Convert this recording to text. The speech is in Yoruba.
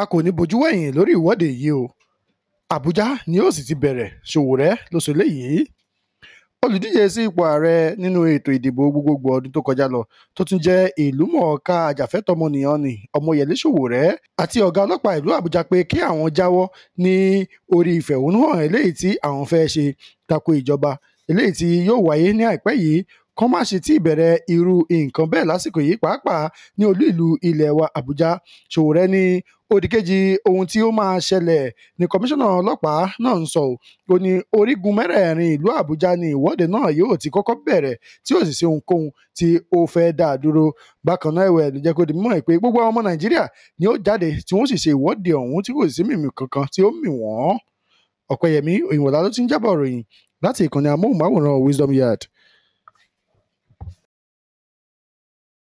a kò ní bojú wẹ̀yìn lórí ìwọ́de yìí o àbújá ni ó sì ti bẹ̀rẹ̀ ṣòwòrẹ́ ló sọ léyìí olùdíje sí ipò ààrẹ nínú ètò ìdìbò gbogbogbò ọdún tó kọjá lọ tó tún jẹ́ ìlúmọ̀ọ́ká àjàfẹ́tọ̀ọmọnìyàn ni ọmọyẹlé ṣòwòrẹ́ àti ọ̀gá ọlọ́pàá ìlú àbújá pé kí àwọn jáwọ́ ní orí ìfẹ̀hónúhàn eléyìí tí àwọn fẹ́ ṣe tako ìjọba eléyìí tí yóò wáyé ní àìpẹ́ yìí kán má ṣe tí ìbẹ̀rẹ̀ irú nǹkan bẹ́ẹ̀ lásìkò yìí pàápàá ní olú ìlú ilẹ̀ wa Àbújá Ṣòwòrẹ́ ní òdìkejì ohun tí ó máa ṣẹlẹ̀ ni kọmíṣánná ọlọ́pàá náà ń sọ ò ní orígun mẹ́rẹ̀ẹ̀rin ìlú Àbújá ni ìwọ́de náà yóò ti kọ́kọ́ bẹ̀rẹ̀ tí ò sì sí ohunkóhun tí ó fẹ́ dá a dúró bákan náà ẹ̀wẹ̀ ló jẹ́ kó di mímọ̀ pé gbogbo ọmọ Nàìjíríà ni ó jáde tí wọ́n sì ṣe ìwọ́de ọ̀hún tí kò sì sí mímì kankan tí ó mì wọ́n Ọ̀pẹ̀yẹmí Òyìnbọ̀lá ló ti ń jábọ̀ ròyìn láti ìkànnì amóhùnmáwòrán Wisdom Yard